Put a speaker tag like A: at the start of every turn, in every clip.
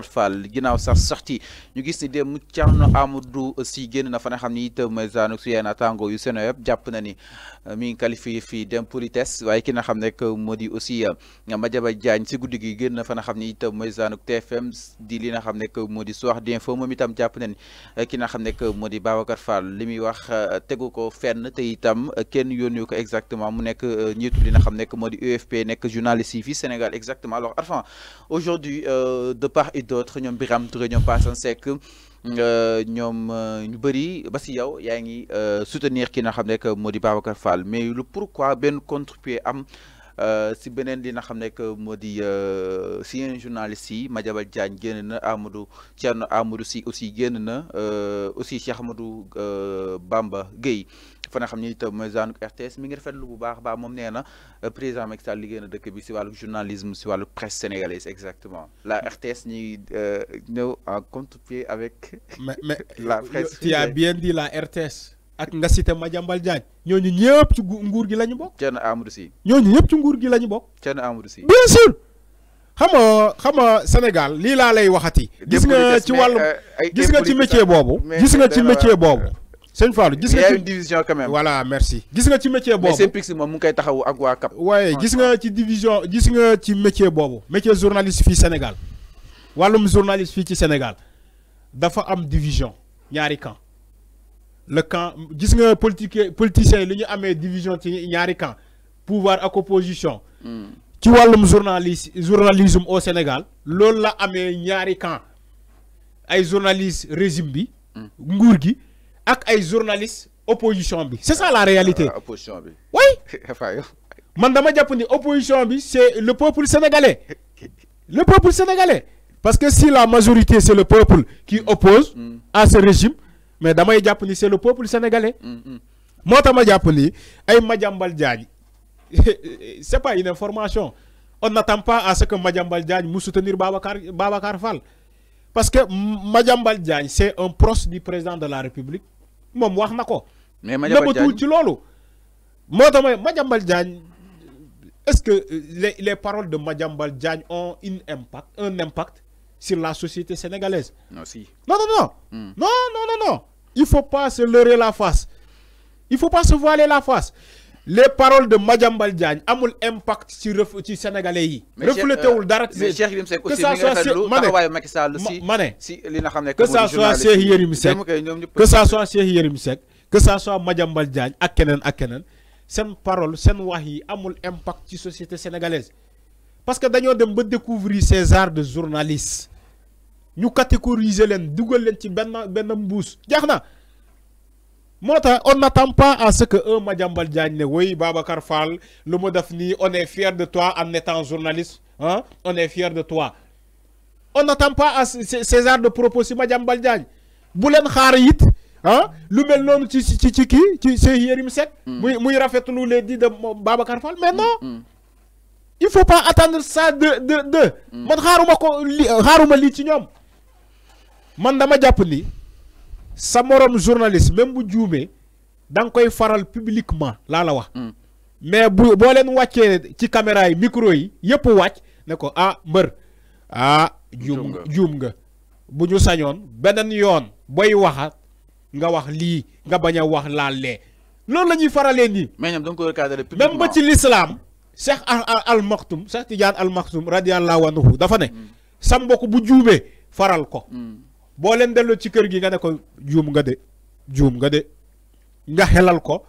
A: Fall ginaaw sax sorti ñu gis ni démb Thierno Amadou aussi genn na fa na xamni te itam zaanu tango yu Seneweb japp na ni euh, mi qualifié fi dem politesse waaye ki nga xam nekk moo aussi euh, Madiaba Diagne jagne ci guddigi genn na fa na xamni te itam TFM di li na xam nekk moo Soir d'Info moom itam japp na ni euh, ki na xam nekk moo Babacar Fall limi wax tegu ko fenn te itam kenn yónni ko exactement mu nek njiitu li nga xam e nekk moo UFP nek journaliste fi senegal Sénégal exactement alors Arfan aujourd'hui de part et ñoom ñoom Birame Touré ñoom Passane Seck euh, ñoom euh, ñu bëri ba si yow yaa ngi euh, soutenir ki na xam ne que moo di Babacar Fall mais lu pourquoi benn contre-pied am si beneen li nga xam ne que moo di si yeneen journaliste yi Madiambal Diagne génn na Amadou Thierno Amadou si aussi génn na aussi Cheikh Amadou Bamba Guèye fa nga xam ni itam RTS mi ngi rafetlu bu baax baax moom nee na euh, président Macky Sall liggéey bi si wàllu journalisme si wàllu presse sénégalaise exactement la RTS ñuy euh, ñëw en compte pied avec. mais, mais, la presse tu as
B: bien dit la RTS. ak nga cité Madiambal ñoo ñooñu ñëpp ci nguur gi lañu bok cene Thierno Amadou Sy. ñooñu ñëpp ci nguur gi lañu bok cene Thierno Amadou Sy. bien sûr. xam nga xam nga Sénégal li la lay waxati. gis nga ci walu euh, gis nga ci métier bobu gis nga ci métier bobu Seigne Fallou gis nga ci une division quand même. voilà merci gis nga ci métier bobu. mais Synpics moom mu ngi taxaw ak wa CAP. waaye gis nga ci division gis nga ci métier bobu. métier journaliste fi Sénégal Walum journaliste fi ci Sénégal dafa am division ñaari camp le camp gis nga politique politiciens li ñu amé division ci ñaari camp pouvoir ak opposition. Hmm. ci walum journaliste journalisme au Sénégal. lool la amé ñaari camp ay journaliste régime bi. Hmm. nguur gi ak ay journalistes opposition c'est ça la réalité ah, oui man dama opposition c'est le peuple sénégalais le peuple sénégalais parce que si la majorité c'est le peuple qui mm. oppose mm. à ce régime mais c'est le peuple sénégalais mm, motama japp ni ay c'est pas une information on n'attend pas à ce que madjambal Diagne mu soutenir Babacar Babacar parce que Madjambal Diagne c'est un proche du président de la république Je ne sais mais Madjambal Diagne ci loolu. est-ce que euh, les paroles de Madjambal Diagne ont impact un impact sur la société sénégalaise. non si non non non. Hmm. non non non non il faut pas se leurrer la face il ne faut pas se voiler la face les paroles de madame Diagne amul impact ci ref ci sénégalais yi. reflété mais euh, Cheikh Yérim Seck aussi mi
A: si si li que ça soit Cheikh Yérim Seck que ça soit
B: Cheikh Yérim que ça soit Madiambal Diagne ak keneen ak keneen seen parole seen wax amul impact ci société sénégalaise. parce que dañoo dem ba découvrir ces arts de journaliste ñu catégoriser leen dugal leen ci benn benn mbuus jeex on n'attend pas à ce que un Madjambal Diagne oui Baba Fall le mot d'Afni, on est fier de toi en étant journaliste hein, on est fier de toi on n'attend pas à César de proposer Madjambal Baldiagne Diagne bu leen xaar it ah lu mel noonu ci ci ci ci mm. de Baba Fall mais non mm. il ne faut pas attendre ça de de de mm. man xaaruma ko je suis ci sa morom journaliste même bu juumee danga koy faral publiquement laa la wax. Hmm. mais bu boo leen wàccee ci caméra yi micro yi yëpp wàcc ne ko a ah, mbër ah. juum nga juum nga bu ñu sañoon beneen yoon booy waxat nga wax lii nga bañ a wax laal lee loolu la ñuy faralee nii. mais ñoom da ko recadré même ba ci lislaam Cheikh al al Maktoum Cheikh Tidiane al Maktoum radiyallahu anhu dafa ne. Hmm. sa mbokk bu juumee faral ko. Hmm. boo leen delloo ci kër gi nga ne ko juum nga de juum nga de nga xelal ko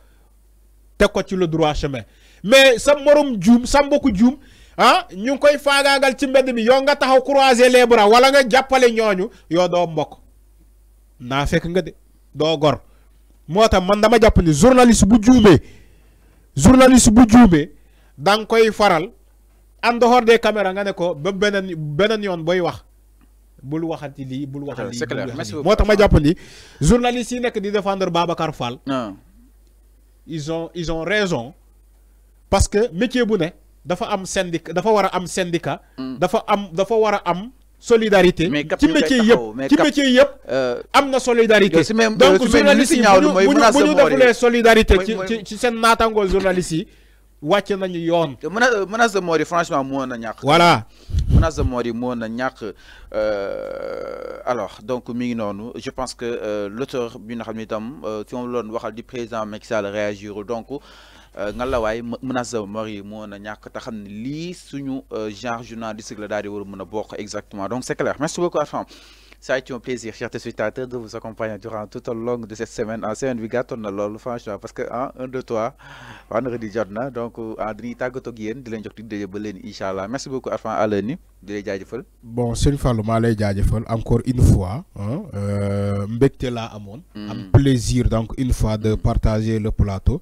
B: teg ko ci la droit chemin mais sa morom juum sa mbokk juum ah ñu ngi koy faagaagal ci mbedd mi yow nga taxaw croiser les bras wala nga jàppale ñooñu yow doo mbokk naa fekk nga de doo gor moo tax man dama jàpp ni journaliste bu juumee journaliste bu juumee da nga koy faral en dehors des nga ne ko ba beneen beneen yoon booy wax. bul waxati li bul waxati ah, li c'est ma jàpp ni journalistes yi défendre ah. ils ont ils ont raison parce que métier bu ne dafa am syndicat dafa hmm. syndicat. dafa am dafa am. solidarité ci métier ci métier de euh, solidarité donc journalistes bu solidarité
A: journalistes menace franchement voilà. Mounazzam Mori moo na euh, alors donc mi ngi noonu je pense que euh, l'auteur bi nga xamni tam itam euh, ki moom waxal di président Macky Sall réagirul donc nga la waay Mounazzam Mori moo na ñàkk te xam ne suñu genre journalistique la daal di war a bokk exactement donc c'est clair merci beaucoup Arfan ça a été un plaisir, chers téléspectateurs, de vous accompagner durant toute la longue de cette semaine. En semaine, na franchement parce que hein, un de toi, vendredi donc euh, merci beaucoup
B: bon le encore une fois un hein, euh, mm. plaisir donc une fois de partager le plateau.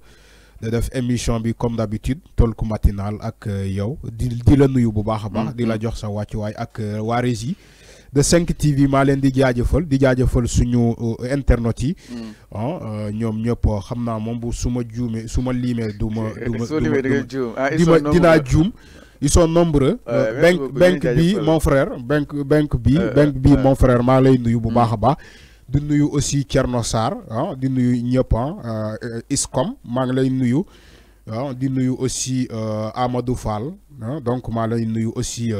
B: de def émission comme d'habitude Tolku matinal ak euh, yow di la nuyu bu la de 5 TV maa di jaajëfal di jaajëfal suñu euh, internet yi. ñom xamna mom bu suma jume ma duma ah, ils sont nombreux. bank bank bi mon frère bank bank bi euh, bank bi mon frère ma lay nuyu bu mm. baax nous di nuyu aussi Thierno ah, di nuyu ñepp ah, euh, ISCOM ma lay nuyu. di aussi Amadou Fall donc malin lay nuyu aussi.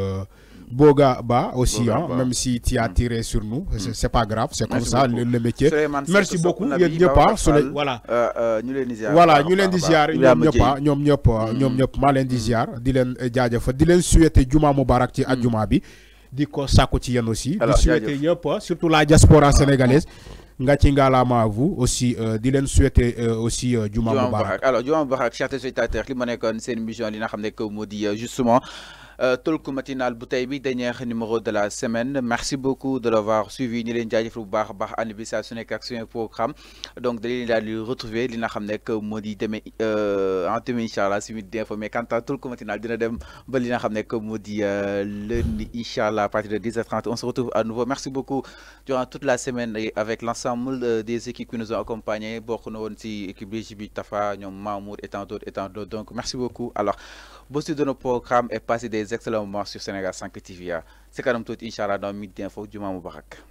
B: Boga Ba aussi, Boga hein, ba. même si tu as mm. tiré sur nous, c'est mm. c'est pas grave, c'est comme ça le, le métier. Merci beaucoup. Yéen ñëpp hein,
A: voilà. Euh, euh, ñu leen di ziar voilà ñu leen di ziar ñoom ñëpp hein,
B: ñoom ñëpp hein, mm. ñoom ñëpp maa leen di ziar di leen eh, jaajëfal di leen souhaiter juma mubarak ci ajuma bi. di ko sàkku ci yéen aussi. di souhaiter ñëpp surtout la diaspora sénégalaise. nga ci ngalaama vous aussi euh, di leen souhaiter euh, aussi juma mubarak
A: alors juma mubarak chers téléspectateurs li ma nekkoon seen émission li nga xam ne moo di justement tolku matinal bu tey bi dernier numéro de la semaine merci beaucoup de l'avoir suivi ni leen jaajëf bu baax a baax ànd bi su ak suñu programme donc de leen daal retrouver li nga xam nekk moo di euh, en demee incha suite def mais quant à tolku matinal dina dem ba li nga xam nekk moo euh, lundi incha à partir de 10h30 on se retrouve à nouveau merci beaucoup durant toute la semaine avec l'ensemble euh, des équipes qui nous ont accompagnés bokk na woon si équipe bi Tafa ñom Mamour et tant d'autres et tant d'autres donc merci beaucoup alors bossu de nos programmes est passé des excellents moments sur Sénégal 5 TVA si kanam tuuti incha allah dans midi d'info jumaa mubarak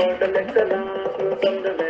C: from the lecturer, from the lecturer.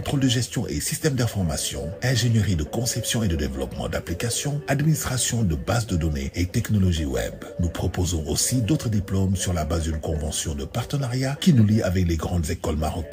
C: contrôle de gestion et système d'information, ingénierie de conception et de développement d'applications, administration de bases de données et technologies web. Nous proposons aussi d'autres diplômes sur la base d'une convention de partenariat qui nous lie avec les grandes écoles marocaines.